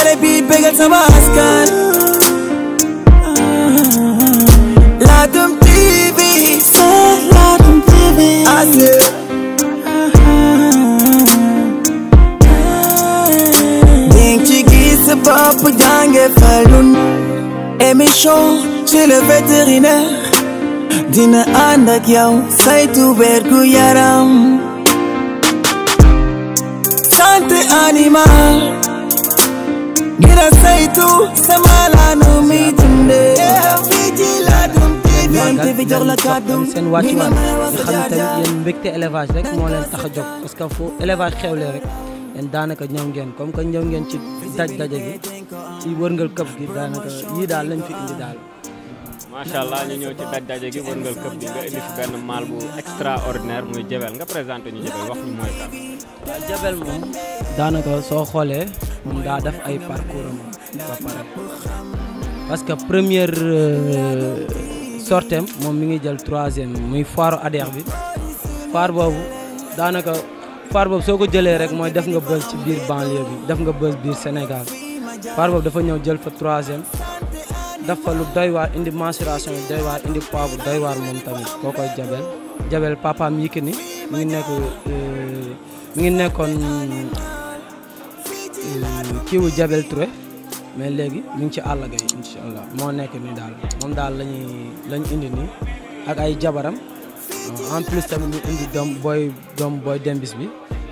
télé bi bégal sama askan Ladoum TV c'est Ladoum TV ning ci gis sa bopp jànge falun émission chez le vétérinaire dina ànd ak yow saytu wergu animal ngir a saytu sama laanu mi dundee. fii ci Ladoum TV. jox la kàddu seen wàccuwaay nga xam ne tamit yéen mbégte élevage rek moo leen tax a jóg parce que fu élevage xewlee rek yéen daanaka ñëw ngeen comme que ñëw ngeen ci daj daje gi ci ngel këpp gi daanaka yii daal lañ fi indi daal. macha allah ñu ñëw ci daj daje gi wërngal këpp bi nga indi fi benn maal bu extraordinaire muy Diabel nga présenté ñu Diabel wax moom daanaka soo xoolee moom daa def ay parcours parce que première euh, sortem moom mi ngi jël troisième muy foire ADER bi foire boobu daanaka foire boobu soo ko jëlee rek mooy def nga bës ci biir banlieue bi def nga bës biir Sénégal foire boobu dafa ñëw jël fa troisième. daf fa lu doy waar indi mensuration yu doy indi poids bu doy waar moom tamit koo koy jabel jabel papaam Yékini mi ngi nekk euh, mi ngi nekkoon euh, kii wu jabel Touré mais léegi mi ngi ci àll gay incha allah moo nekk nii daal moom daal lañuy lañ indi nii ak ay jabaram euh, en plus tamit ñu indi doom booy doom booy dembis bi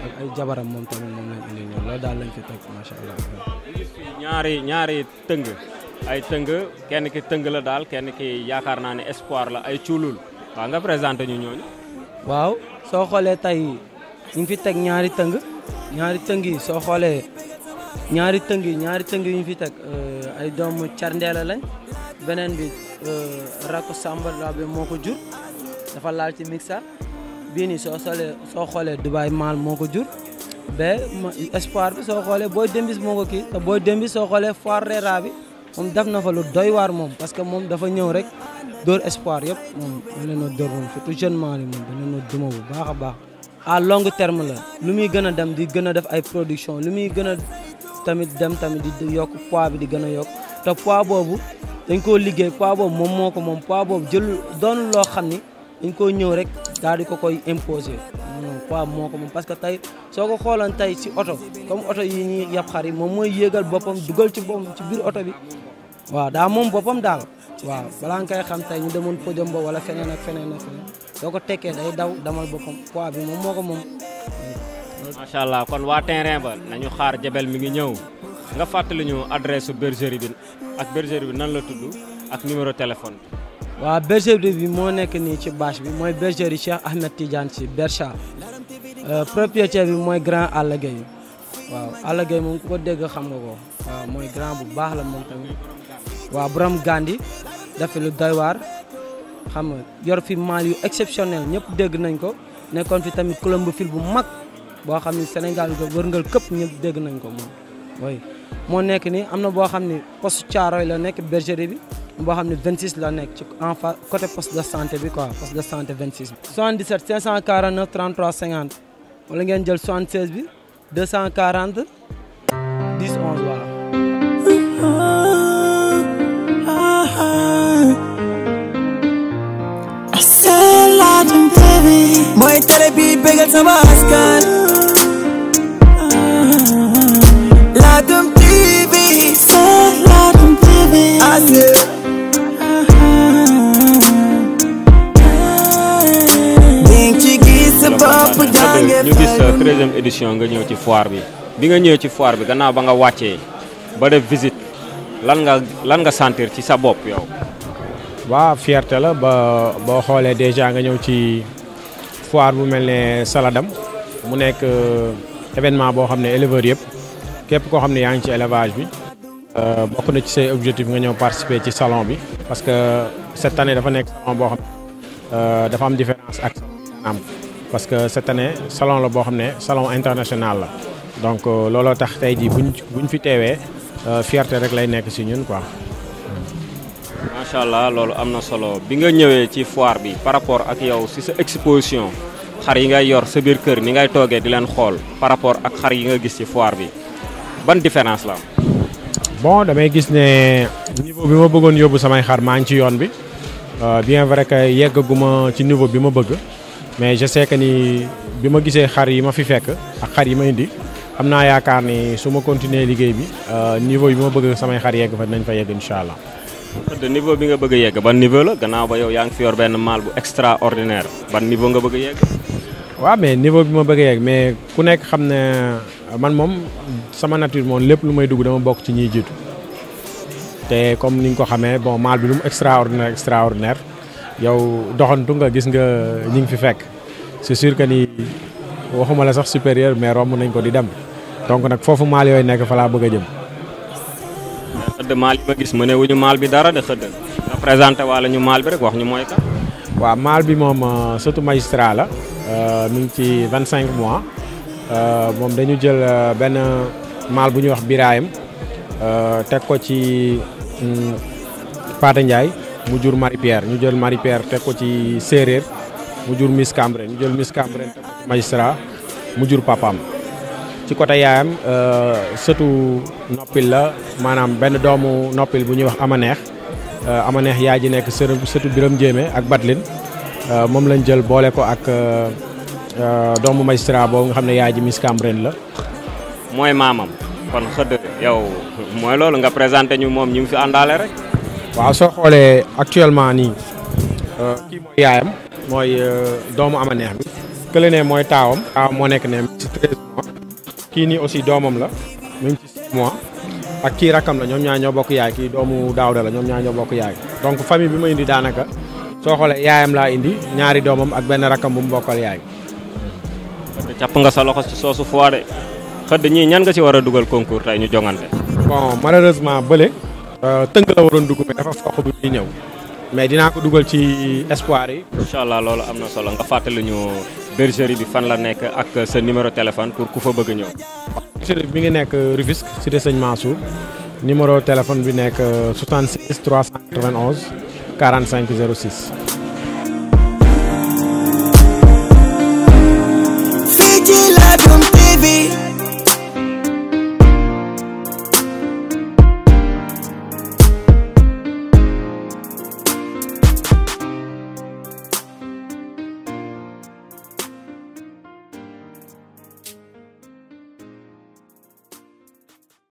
ak ay jabaram moom tamit moom lañ indi nii loolu daal lañu fi teg macha allah. ñaari ñaari tëng. ay tëng kenn ki tëng la daal kenn ki yaakaar naa espoir la ay cuulul waa nga présenté ñu ñooñu. waaw soo xoolee tey ñu ngi fi teg ñaari tëng ñaari tëng yi soo xoolee ñaari tëng yi ñaari tëng yi ñu fi teg euh, ay doomu carndeela lañ beneen bi euh, rakku Samba Laobé moo ko jur dafa laal ci mixa bii soo xoolee Dubaay Maal moo ko jur ba espoir bi soo xoolee booy dembis moo ko kii te dembis soo xoolee foire reera bi moom def na fa lu doy waar moom parce que moom dafa ñëw rek dóor espoir yëpp moom da leen a dóor moom surtout jeune duma bu baax a baax à long terme la lu muy gën a dem di gën a def ay production lu muy gën a tamit dem tamit di yokk poids bi di gën a yokk te poids boobu dañ koo liggéey poids boobu moom moo ko moom pois boobu jël doon loo xam ni dañ koo ñëw rek daal di ko koy imposer non poids moo moom parce que tey soo ko xoolan tey si oto comme oto yi ñu yab xar yi moom mooy yéegal boppam dugal ci boppam ci biir oto bi waaw daa moom boppam daal waaw balaa nga koy xam tey ñu demoon podium ba wala feneen ak feneen soo ko tekkee day daw damal boppam poids bi moom moo ko moom. macha allah kon waa terrain ba nañu xaar jabel mi ngi ñëw nga fàttali ñu adresse su bergerie bi ak bergerie bi nan la tudd ak numéro téléphone bi. waaw bergerie bi moo nekk nii ci bâche bi mooy bergerie Cheikh Ahmed Tidiane si Bercha euh, propriétaire bi mooy grand Alla waaw Alla moom ko dégg xam nga ko waaw mooy grand bu baax la moom tamit waaw borom Gandhi dafa lu doy xam nga yor fi maal yu exceptionnel ñëpp dégg nañ ko nekkoon fi tamit colombophile bu mag boo xam ni Sénégal ko wërngal këpp ñëpp dégg nañ ko moom. moo nekk nii am na boo xam ni caaro yi la nekk bergerie bi. boo xam ne 26 la nekk ci en face côté poste de santé bi quoi poste de santé 26 bi. 77 549 33 50 wala ngeen jël 76 bi 240 10 11 voilà. mooy télé bi bégal sama askan. treizième édition nga ñëw ci foir bi bi nga ñëwee ci foir bi gannaaw ba nga wàccee ba def visite lan nga lan nga sentir ci sa bopp yow. waaw fierté la ba boo xoolee déjà nga ñëw ci foir bu mel ne Saladam mu nekk euh, événement boo xam ne éleveur yëpp képp koo xam ne yaa ngi ci élevage bi. Euh, bokk na ci say objectif nga ñëw participer ci salon bi. parce que cette année dafa nekk salon boo xam ne euh, dafa am différence ak am. parce que cette année salon la boo xam ne salon international la donc euh, looloo tax tey jii buñ buñ fi teewee euh, fierté rek lay nekk si ñun quoi. macha allah loolu am na solo bi nga ñëwee ci foir bi par rapport ak yow si sa exposition xar yi ngay yor sa biir kër ni ngay toogee di leen xool par rapport ak xar yi nga gis ci foire bi ban différence la bon damay gis ne niveau bi ma bëggoon yóbbu samay xar maa ngi ci yoon bi euh, bien vrai que yeggaguma ci niveau bi ma bëgg. mais je sais que ni bi ma gisee xar yi ma fi fekk ak xar yi ma indi am naa yaakaar ni su ma continuer liggéey bi euh, niveau yi ma bëgg samay xar yegg fa nañ fa yegg incha allah. de niveau bi nga bëgg a yegg ban niveau la gannaaw ba yow yaa ngi fi yor benn maal bu extraordinaire ban niveau nga bëgg a yegg. waaw mais niveau bi ma bëgg a yegg mais ku nekk xam ne euh, man moom sama nature moom lépp lu may dugg dama bokk ci ñiy jiitu te comme ni nga ko xamee bon maal bi lu mu extraordinaire extraordinaire. yow doxantu nga gis nga ñi ngi fi fekk c'est sûr que ni waxuma la sax supérieur mais romb nañ ko di dem donc nag foofu maal yooyu nekk fa laa bëgg a jëm. xëdd maal yi ma gis ma ne wuñu maal bi dara de xëdd nga présenté wala ñu maal bi rek wax ñu mooy ka waaw maal bi moom euh, surtout magistrat la euh, mi ngi ci vingt cinq mois euh, moom dañu jël benn maal bu ñuy wax biraayam teg ko ci hmm, Pate Ndiaye. mu jur Marie Pierre ñu jël Marie teg ko ci séeréer mu jur Miss Cambérène ñu jël Miss Cambérène teg ko ci magistrat mu jur papaam ci côté yaayam euh, sëtu noppil la maanaam benn doomu noppil bu ñuy wax amaneex euh, amaneex yaay ji nekk sër sëtu Biram Jéeme ak Batlin euh, moom lañ jël boole ko ak doomu magistrat boobu nga xam ne yaay ji Miss Cambérène la mooy maamam kon xëdd yow mooy loolu nga présenté ñu moom ñu ngi fi àndaale rek waaw soo xoolee actuellement nii euh, kii mooy yaayam mooy euh, doomu ama neex bi kële mooy taawam taawam moo nekk ne ci treize mois kii nii aussi doomam la mu ngi ci six mois ak kii rakkam la ñoom ñaar ñoo bokk yaay kii doomu daawda la ñoom ñaar ñoo bokk yaay donc famille bi ma indi daanaka soo xoolee yaayam laa indi ñaari doomam ak benn rakkam bu mu bokkal yaay càpp nga sa loxo ci soosu foire xëdd ñii ñan nga si war a dugal concours tey ñu jongante bon malheureusement Euh, tënk la waroon dugg mais dafa foq bu muy ñëw mais dinaa ko dugal ci espoir yi. incha allah loolu am na solo nga fàttali ñu bergerie bi fan la nekk ak sa numéro téléphone pour ku fa bëgg ñëw. bergerie bi ngi nekk Rufisque cité Sëñ Mansour numéro téléphone bi nekk 76 391 45 06. Fidji Ladoum TV.